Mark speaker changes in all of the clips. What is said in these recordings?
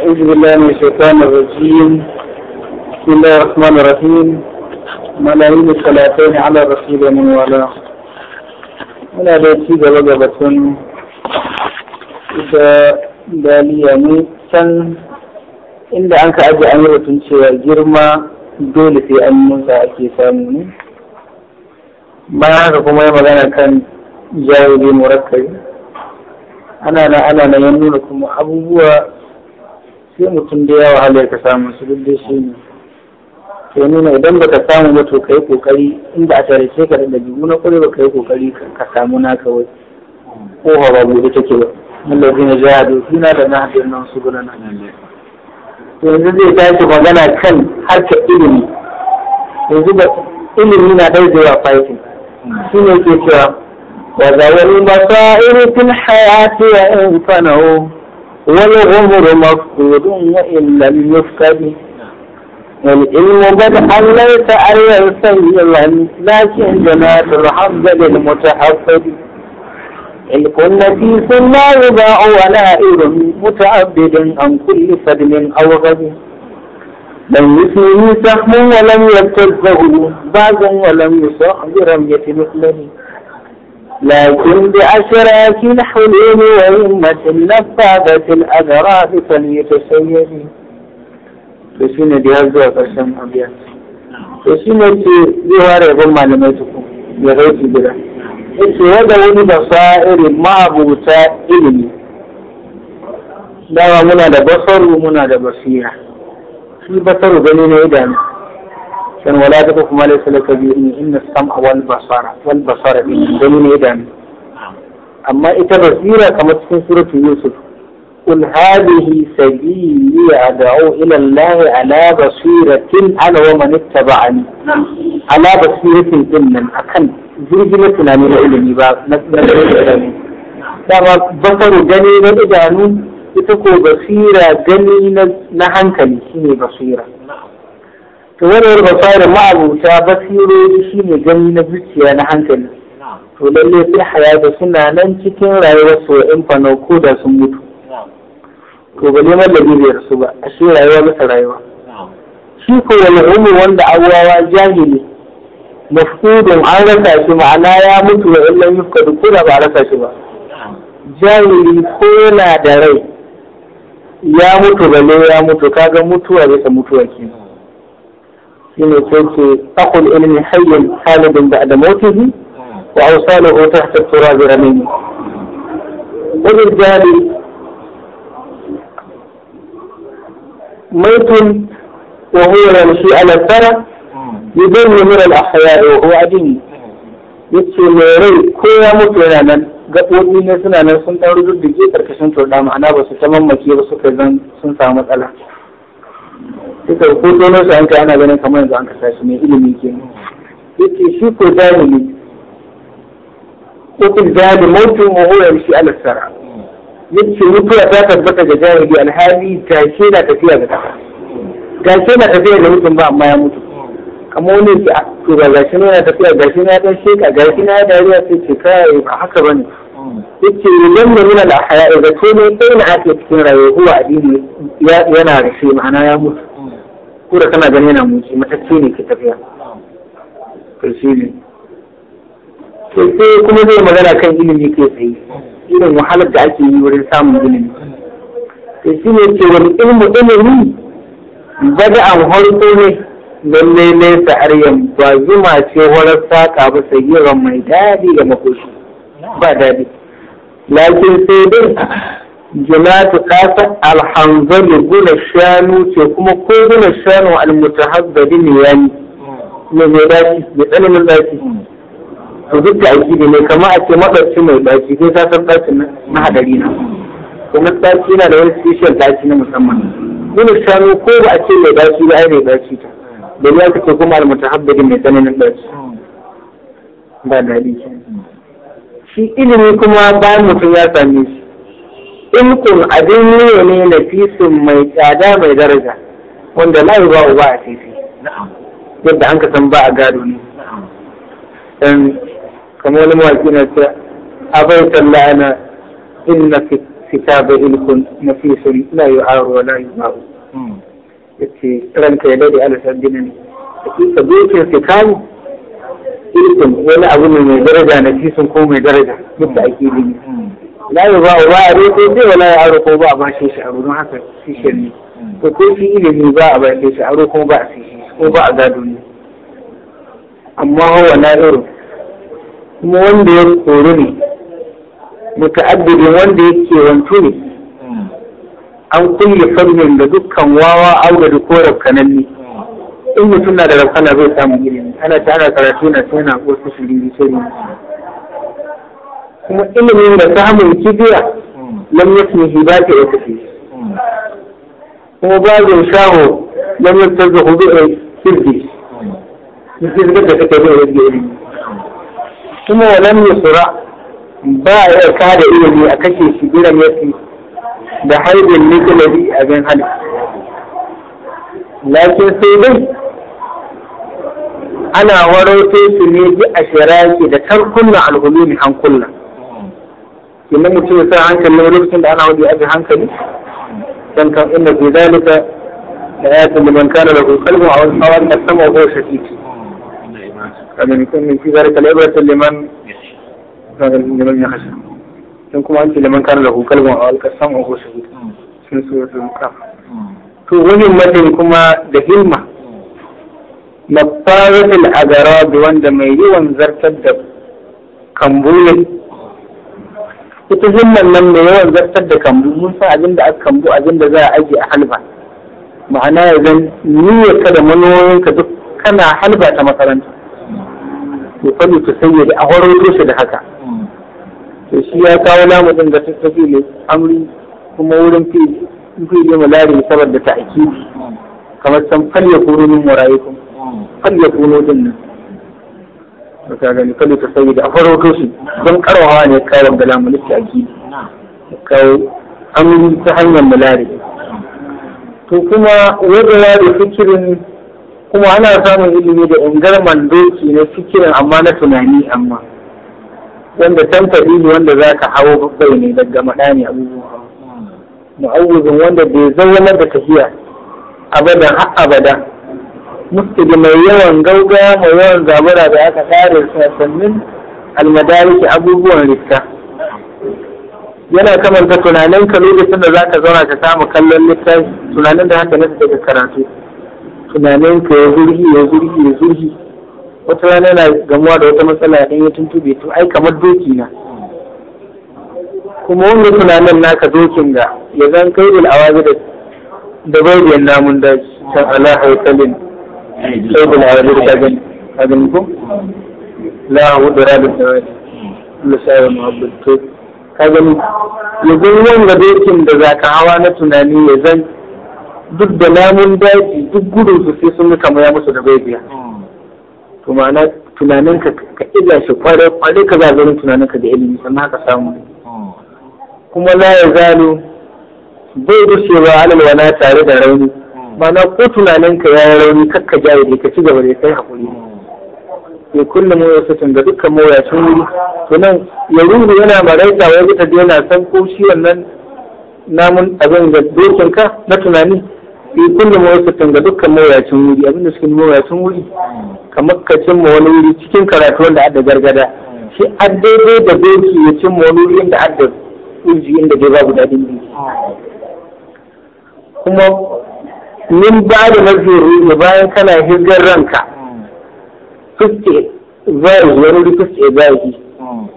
Speaker 1: أعوذ بالله من الشيطان الرجيم بسم الله da الرحيم ملايين الصلاتين على رسول من والاه muna da ci gaba ga batun ita daliya ne can inda an ka ajiye an yi batun cewa girma dole sai an musa ake samu ne bayan haka kuma ya magana kan jawiri murakkabi ana na ana na nuna kuma abubuwa sai mutum da yawa halayya ka samu su duk dai su ne ke nuna idan baka samu ba to kai kokari inda a tare ka da dabi'u muna kwarai baka yi kokari ka samu na kawai. ko ba gobe take ba mallafi na su na da na haɗin nan su gudana yanzu zai tashi magana kan harka ilimi yanzu ba ilimi na yawa fahimta shi ne ke cewa wa zawani masa'irikin hayati ya in o? والغمر مفقود وإن لم يفقد والعلم قد حليت أيا سيلا لكن جنات الحمد للمتحفظ إن كن في لا يباع ونائر متعبد عن كل فدل أو غد لم يسمي سهم ولم يبتزه باز ولم يصح برمية مثله لكن بأشراك الحلول وهمة النفاذة الأذراف فليتسيدي فسنة دي هزوة قسم أبيات فسنة دي وارع غمى لميتكم بغير بلا إذا وضع wani basa'ir ma'abuta ilimi dawa muna da basaru muna da basira shi basaru gani كان ولا تقف ما ليس لك به ان السمع والبصر والبصر من بني ادم اما اذا بصيره كما في سوره يوسف قل هذه سبيلي ادعو الى الله على بصيره انا ومن اتبعني
Speaker 2: نعم. على
Speaker 1: بصيره جنا اكن جرجلة نامي لعلمي باب نسبة دابا بصر جني من اجانو يتكو بصيرة جني نحن كان بصيره to wani basari ma'abuta shi ne gani na zuciya na hankali to lalle sai hayata suna nan cikin rayuwar su in fano ko da sun mutu to ba neman da bai su ba a shi rayuwa masa rayuwa shi ko wani wanda abuwawa jahili mafudun an rasa shi ma'ana ya mutu wa illan yufkadu ko da ba a rasa shi ba jahili ko yana da rai ya mutu ba ne ya mutu kaga mutuwa bisa mutuwa kenan shine sai ce aqul ilmi hayyun halidun ba'da mautihi wa awsaluhu tahta turab ramin wajen jari ميت وهو يمشي على الثرى يدل من الأحياء وهو عديم yace mai rai ko ya mutu yana nan gaɓoɓi ne suna nan sun ɗan rujur da ke ƙarƙashin turɗa ma'ana ba su ta mamaki ba suka zan sun samu matsala suka ko donar su hankali ana ganin kamar yanzu an kasa shi mai ilimi ke yake shi ko zalimi ko kun zalimi mutum wa huwa shi ala sara mutuwa ta tabbata ga jahili alhali tashe na tafiya ga kasa tashe na tafiya ga mutum ba amma ya mutu kamar wani ke ah, to ga gashi ne yana tafiya gashi na dan sheka gashi na dariya sai ce kai ba haka bane yace idan da min al-ahya da ko ne sai na ake cikin rayuwa huwa addini yana rashe ma'ana ya mutu kura tana gani yana mutu matakki ne ke tafiya karshe ne to sai kuma zai magana kan ilimi ke tsaye irin wahalar da ake yi wurin samun ilimi to shi ne ce wani ilmu ilimi bada an harko ne lallai laisa aryan ba zuma ce horar saƙa ba sayyaran mai daɗi ga makoshi ba daɗi lakin sai dai جماعة قاسم الحنظل يقول الشانو تيكم كل الشانو المتحضر يعني من ذاتي بأنا من ذاتي to duk da aiki ne kama a ce mabarci mai ɗaki, sai ta san ɗacin na hadari na kuma ɗaki na da wani special ɗaki na musamman dole shanu ko ba a ce mai ɗaki ba ai mai ɗaci ta da ya kace kuma al mutahabbidin mai tsananin ɗaki. ba daɗi shi ilimi kuma bayan mutum ya same shi ilkun abin yiwo ne na fisin mai tsada mai daraja wanda layi ba a titi yadda an san ba a gado ne dan kamar wani mawaki na ce na fita ba in kun na fisin aro na wa ba yu'aru hmm. yace ranka ya daɗe alasar ginin hakika dokin fitani
Speaker 2: ilkun wani abu ne mai daraja na
Speaker 1: fisin ko mai daraja yadda ake bi la yi ba ba a roƙo zai wala ya aro ko ba a bashe shi aro don haka shi shirri to ko shi ilimi ba a bashe shi aro ko ba a shi ko ba a gado ne amma hawa na iro kuma wanda ya kori ne muta'addidin wanda ya kewantu ne an kulle fannin da dukkan wawa au da ko rafkananni in mutum na da rafkana zai samu ilimi ana ta ana karatu na sai na ko su shiriri sai ne
Speaker 2: kuma ilimin da samun kibiya
Speaker 1: lam yakni ba ta yakfi kuma babin shaho
Speaker 2: lam yantazu hudu'in sirri sirri da kake da rage kuma walam yusra
Speaker 1: ba ya kada ilimi a kashe shi biran yafi da haibin nikulabi a gan hali lakin sai dai ana warauto su ne bi a shiraki da tarkunna alhulumi hankulla inda mutum ya sa hankali lokacin da ana wajen ajiye hankali Don kan inda zai zalika da ya ayatul liman kana lahu qalbun aw awan tasma wa shakik kamin kun min fi zalika ta liman liman yakhsha sun kuma an ce liman kana lahu qalbun aw tasma wa shakik sun so sun muka to wani matin kuma da hilma mafazatul da wanda mai yawan zartar da kambulin ita zimman nan da yawan zartar da kambu mun san abin da aka kambu abin da za a aje a halba ma'ana ya zan niyyar ka da manoyinka duk kana halba ta makaranta to fa ta sanya a horo shi da haka to shi ya kawo lamuɗin da ta tafi ne amri kuma wurin fili fili malari saboda ta'kidi kamar san fal yakunu min waraikum fal yakunu nan. ka gani kalu ta sayi da afaroto shi don karawa ne kawo da lamulisti a gini kai an ta hanyar mulari to kuma ya da fikirin kuma ana samun ilimi da ingarman doki na fikirin amma na tunani amma wanda tantari ne wanda za ka hawo babbai ne daga maɗani abubuwa ma'awuzin wanda bai zaunar da tafiya abadan har abada Mutu da mai yawan gauga mai yawan zabura da aka tsare sassanin almadariki abubuwan rikka yana kamanta tunanin ka lokacin da za ka zauna ka samu kallon littafi tunanin da haka nasu daga karatu tunanin ka ya zurgi ya zurgi ya zurgi wata rana yana gamuwa da wata matsala in ya tuntube to ai kamar doki na
Speaker 2: kuma wanda tunanin
Speaker 1: naka dokin ga ya zan kai da da bai biyan namun daji can ala haikalin
Speaker 2: sai kuma gani ka gani ko da ya ka gani wanga dokin da zaka
Speaker 1: hawa na tunani ya duk da namun daji duk gudun su sai sun kama ya musu da bai biya to ma'ana tunanin ka ka illa shi kware kware ka zagarin tunanin ka da ilimi sannan haka samu kuma la ya zalo bai gushewa alalwana tare da rauni ma'ana ko tunaninka ya yi rauni kakka jari ka ci gaba da kai haƙuri ya kulle sutun da dukkan mawuyacin wuri to nan ya ruru yana maraita wai zata da yana san ko shi wannan namun abin da ka na tunani ya kulle sutun da dukkan mawuyacin wuri abin da suke mawuyacin wuri kamar ka cimma wani wuri cikin karatu wanda adda gargada shi an daidai da doki ya cimma wani wuri da adda kurji inda dai babu daɗin kuma
Speaker 2: min ba da
Speaker 1: mazuri da bayan kana hirgar ranka fuske zai wani da fuske zai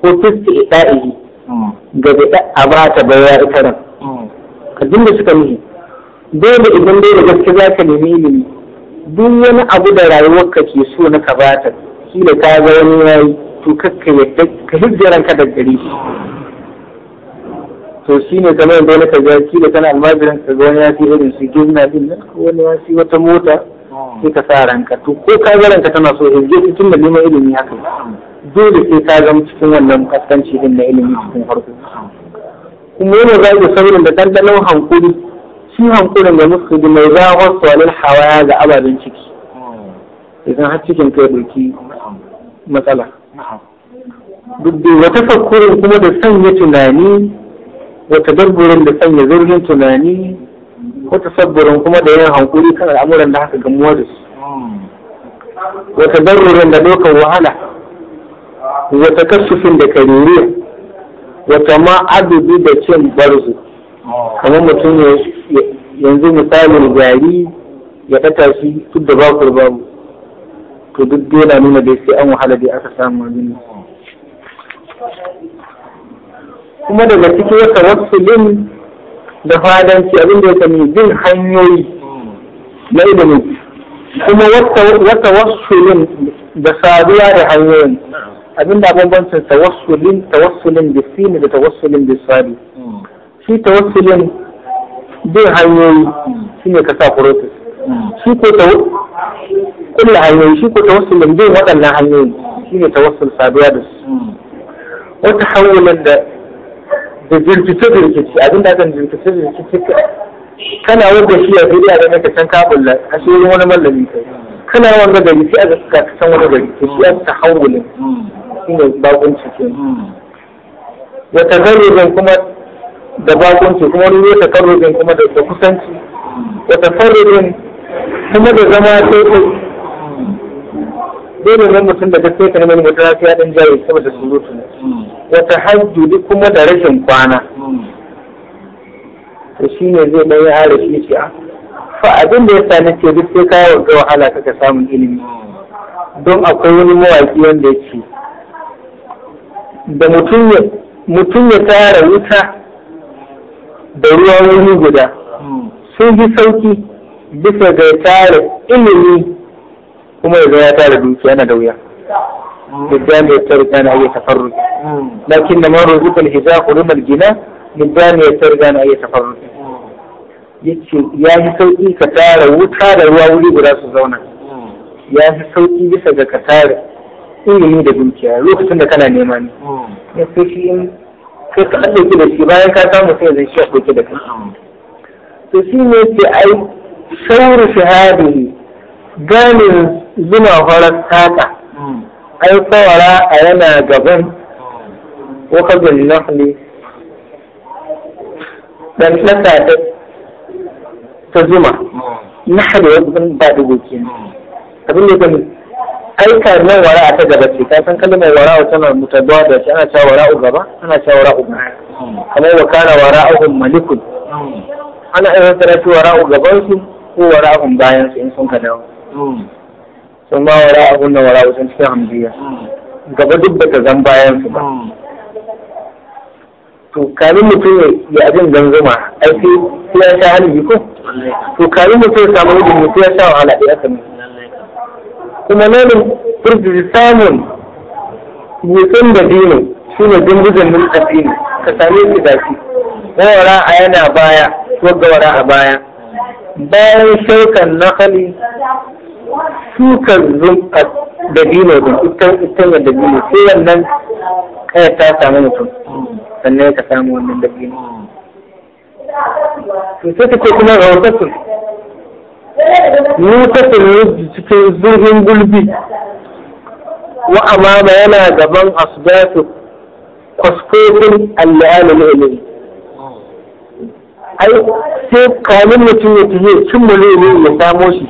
Speaker 1: ko fuske yi. ga da a ba ta bayar ita nan ka dinga suka mihi dole idan dole da gaske za ka nemi ilimi duk wani abu da rayuwar ka ke so na ka bata kila ka ga wani yayi to kakka yadda ka hirgar ranka da gari to shi ne kamar yadda wani ka ga da kana almajirin ka ga wani ya fi irin su gizna din nan ko wani ya fi wata mota sai ka sa ranka to ko ka ga ranka tana so in je tun da neman ilimi haka dole sai ka zama cikin wannan kaskanci din na ilimi cikin farko kuma yana za ka saurin da ɗanɗanon hankuri shi hankurin da musu da mai za zawon tsonin hawaya ga ababen ciki idan har cikin kai doki matsala duk da wata fakurin kuma da sanya tunani Wata tadabburin da sanya zurfin tunani ko tasabburin kuma da yin hankuri kan al'amuran da haka gamuwa da su
Speaker 2: wa tadarrurin da
Speaker 1: ɗaukar wahala wata takassufin da ka kaririya wa tama'adubi da cin barzu
Speaker 2: kamar mutum
Speaker 1: yanzu misalin gari ya ɗata shi duk da babu babu to duk dole nuna dai sai an wahala dai aka samu abin kuma daga cikin tawassulin da fadanci abin da ya sami bin hanyoyi na ilimi kuma wata wasulin da saduwa da hanyoyin abin da bambancin tawassulin tawassulin da sini da tawassulin da sadu shi tawassulin bin hanyoyi shi ne kasa process
Speaker 2: shi ko ta kulla hanyoyi
Speaker 1: shi ko tawassulin bin waɗannan hanyoyi shi ne tawassul saduwa da su wata hanyoyin da da jirkice jirkice abin da kan jirkice jirkice kana wanda shi ya fi da maka san kabulla a shi wani mallami kai kana wanda gari sai aka ka san wani gari to shi aka hawulin shine bakunci ke ya hmm. tagarrubin kuma da bakunci kuma wani ya tagarrubin kuma da kusanci
Speaker 2: ya hmm. tafarrubin
Speaker 1: kuma da zama sai ne mutum da gaske ka neman mutum ya dan jaye saboda surutu Wata wa duk kuma da rashin kwana to shine zai dan yi harafi a fa abin da yasa nace duk sai kawo ga wahala kaka samun ilimi
Speaker 2: don akwai wani mawaki
Speaker 1: wanda yake da mutum ya mutum ya tara wuta da ruwa wani guda sun fi sauki bisa ga tara ilimi kuma yanzu ya tara dukiya yana da wuya Na بالدم يترك عن أي تفرد لكن من رزق الحذاء علم الجنة بالدم يترك عن أي تفرد yace ya fi sauƙi ka tara wuta da ruwa wuri guda su zauna mm. ya fi sauƙi bisa ga ka tara ni da dukiya lokacin da kana nema ni. Mm. ya fi shi in kai ka ɗauki da shi bayan ka samu sai zai shi ki da kai mm. to shi ne ce ai sauri shahadi ganin zina horar saka hmm. ai kowara a yana gaban ko kazin nahli dan saka ta zuma
Speaker 2: hmm.
Speaker 1: nahli wani ba da goki hmm. abin da gani ai wara a ta gaba ce san kasan wara wara'a tana mutaddawa da shi ana cewa wara wara'u gaba ana cewa wara wara'u baya
Speaker 2: kamar wa kana hun malikun
Speaker 1: ana aiwatar da wara'u gaban su ko wara wara'uhum bayan su in sun ka dawo sun ba wa ra'ahun na wara wasan cikin hamziya gaba duk da ka zan bayan su ba to kamin mutum ya abin zanzuma ai sai ya sha hali ko
Speaker 2: to kamin mutum ya samu wajen mutum ya sha wahala ya
Speaker 1: sami kuma nanin furdi samun mutum da dino shi ne dingizan min addini ka same shi dafi wara a yana baya ga wara a baya bayan shaukan nakali sukar zumfa da dino da itan itan da dino sai wannan kaya ta samu mutum sannan ka samu wannan da dino
Speaker 2: to sai take kuma rawatatun mutatun ne cikin zurfin
Speaker 1: gulbi wa amama yana gaban asbatu kwaskofin al-alim ilmi ai sai kamin mutum ya tafi cin mulmi ya samo shi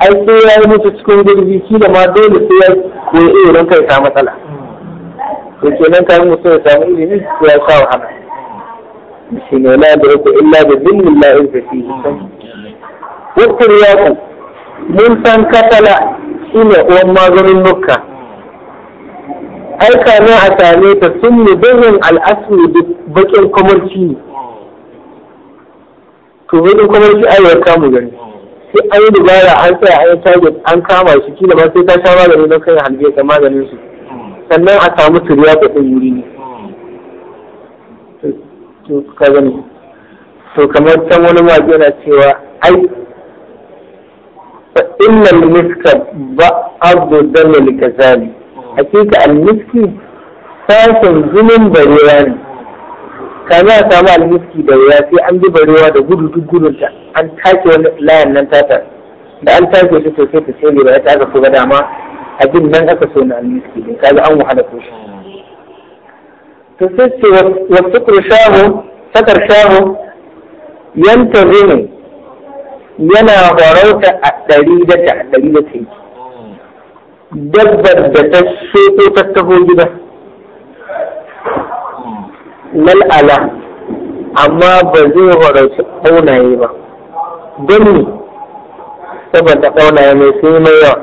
Speaker 1: ai sai ya yi mutu cikin gurbi shi da ma dole sai ya koyi iya don kai ta matsala to kenan kan mutum ya samu ilimi ya sa wahala shi ne la da yake illa da zimmin la in fi wakil ya ku mun san katala ne uwan maganin nuka ai na a same ta sun ne birnin al'asmi da bakin kwamarci to bakin kwamarci ayyar ya kamu gani sai an yi dubara an tsaya an target an kama shi kila ba sai ta sha magani don kai halbe ta maganin su sannan a samu turiya ta ɗin wuri ne to ka gani to kamar can wani ma yana cewa ai fa al miska ba abdu dalil kazali hakika al miski sashen zulun barira ne kame a samu alhiski da wuya sai an zuba ruwa da gudu duk gudunta an take wani layan nan tata da an take ta to sai ta sai ba ta aka so ga dama abin nan aka so na alhiski din kaga an wahala ko shi to sai ce wa sukur shahu sakar shahu yanta zini yana horauta a ɗari da ta a ɗari da ta yi dabbar da ta so ta taho gida lal'ala amma ba zai horarci ƙaunaye ba don ne saboda ƙaunaye mai sai mai yawa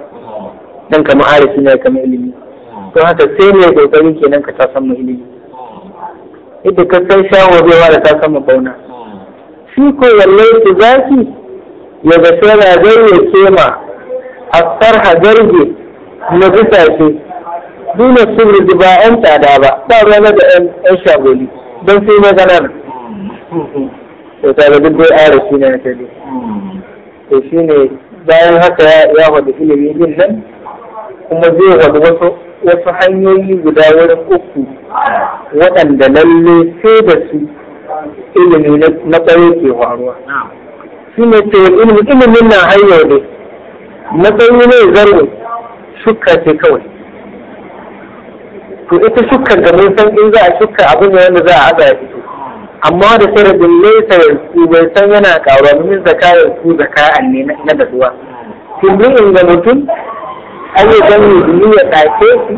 Speaker 2: don kama arifi
Speaker 1: ne kama ilimi don haka sai ne ke nan ka ta samu ilimi yadda ka san shawarwewa da ta samu ƙauna shi ko wallai ki zaki ya ga sai zai ya kema a sarha zarge na bisa shi dole sirri ba ɗan tsada ba ba ruwa da ɗan shagoli don sai na ganar to talibin dai ara shi ne na tare to shi ne bayan haka ya faɗi ilimin yin nan
Speaker 2: kuma zai faɗi
Speaker 1: wasu wasu hanyoyi guda wurin uku waɗanda lalle sai da su ilimi na tsaye ke faruwa shi ne ce ilimin na hanyar ne matsayi ne zarwa suka ce kawai to ita shukar da mun san in za a shuka abin ne wanda za a haɗa ya fito amma da sharadin laisa yanzu bai san yana ƙaruwa min zaka yanzu zaka'an ne na daduwa tindin inda mutum
Speaker 2: an yi gani jini
Speaker 1: ya ɗake shi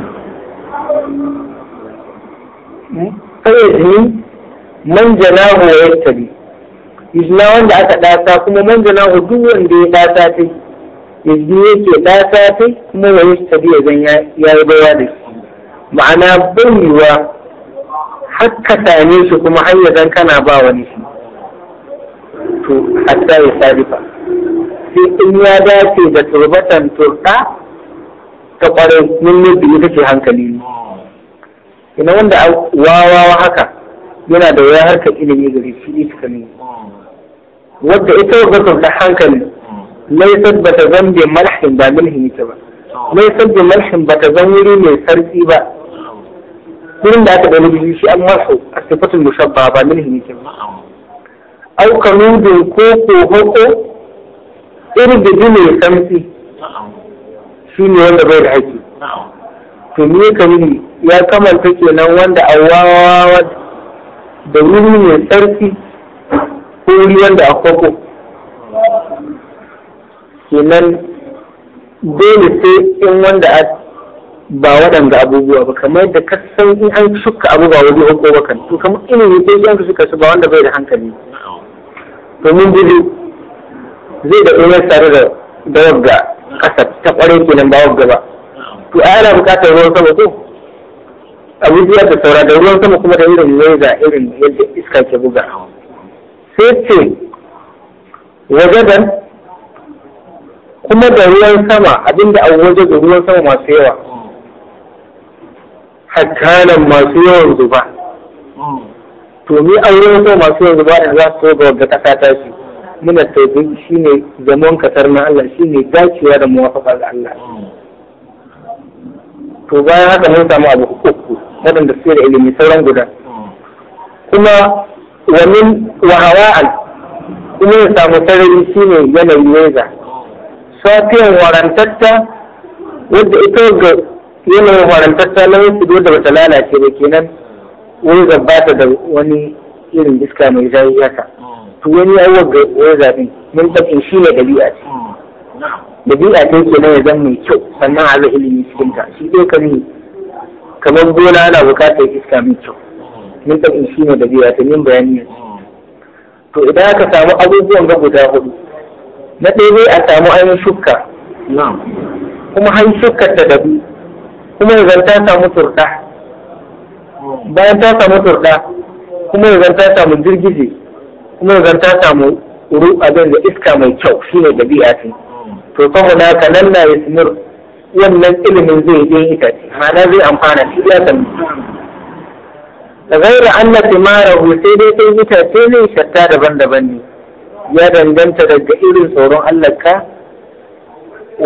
Speaker 1: hmm? sai ya jini man janahu ya tabi jina wanda aka ɗata kuma man janahu duk wanda ya ɗata ta yanzu yake ɗata ta kuma ya yi tabi ya zan ya yi baya da shi ma'ana baiwa ka same shi kuma har yadda kana ba wani shi to hatta ya sarifa sai in ya dace da turbatan turka ta kwarai mun nufi ita ce hankali ne ina wanda wawawa haka yana da wayar harkar ilimi gari shi ita ne wadda ita wadda ta hankali laisar ba ta zan bi malhin ba milhin ita ba laisar bi malhin ba ta zan wuri mai sarki ba kurin da aka ɗaya biyu shi an masu a sifatin mushabba ba milhi ne kenan au kanudin ko hoko irin da ya samfi shi ne wanda bai da haƙi to ni kamili ya kamanta kenan wanda awawa da wuri mai tsarki ko wuri wanda a koko kenan dole sai in wanda a ba waɗanda abubuwa ba kamar yadda ka san in an shuka abu ba wani hukko ba kan to kamar ne ko yan suka su ba wanda bai da hankali domin gudu zai da ɗoyar tare da da wagga ƙasa ta ƙware kenan ba wagga ba to a yana buƙatar ruwan sama ko abubuwa ta saura da ruwan sama kuma da irin waiza irin yadda iska ke buga sai ce wajadan kuma da ruwan sama abinda a waje da ruwan sama masu yawa hakkanan masu yawan zuba mm. to ni an yi so masu yawan zuba da za su ga wadda kasa ta shi muna taifin shi ne zaman kasar na Allah shi ne dacewa da muwafaka ga Allah mm. to bayan haka mun samu abu uku waɗanda suke da ilimi sauran guda kuma wani wahawa'an kuma ya samu sarari shi ne yanayi weza safiyan warantatta wadda ita ga yanayin farantasta na yin fido da bata lalace ba kenan wani ta da wani irin iska mai zai haka to wani ya yi ga wani zaɓi mun tafi shi ne ɗabi'a
Speaker 2: ce ɗabi'a ce
Speaker 1: nan ya zan mai kyau sannan a zai ilimin cikin ta shi dai kan
Speaker 2: kamar gona ana
Speaker 1: buƙatar iska mai kyau mun tafi shi ne ɗabi'a ta yin bayani to idan aka samu abubuwan ga guda hudu na ɗaya a samu ainihin shukka kuma hanyar shukkar ta dabi kuma idan ta samu turɗa bayan ta samu turka kuma idan ta samu girgije kuma idan ta samu abin da iska mai kyau shine dabi'a ce to saboda haka nan na yasmir wannan ilimin zai yi ce, ma'ana zai amfana shi ya san an anna timarahu sai dai sai ce ne shatta daban-daban ne ya danganta daga irin tsoron Allah ka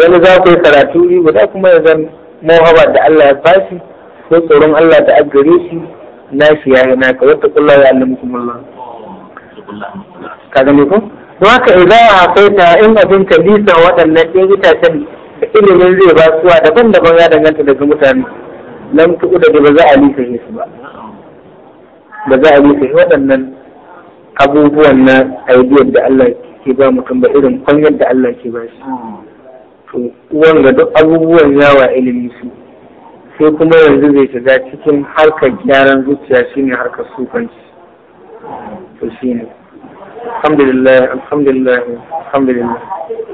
Speaker 1: wani za ku yi karatu guda kuma ya zan mawaba da Allah ya fashi ko tsoron Allah ta aggare shi na shi ya yi naka wata kullum ya kuma Allah ka gane ko don haka idan a kai ta in abin ka bisa waɗannan ɗin itacen da ilimin zai ba suwa daban-daban ya danganta daga mutane nan tuku da ba za a lisa su ba ba za a lisa waɗannan abubuwan na aidiyar da Allah ke ba mutum ba irin kwanyar da Allah ke ba shi to wanga duk abubuwan yawa ilimi su sai kuma yanzu zai shiga cikin harkar gyaran zuciya shine harkar sukanci to shine alhamdulillah alhamdulillah alhamdulillah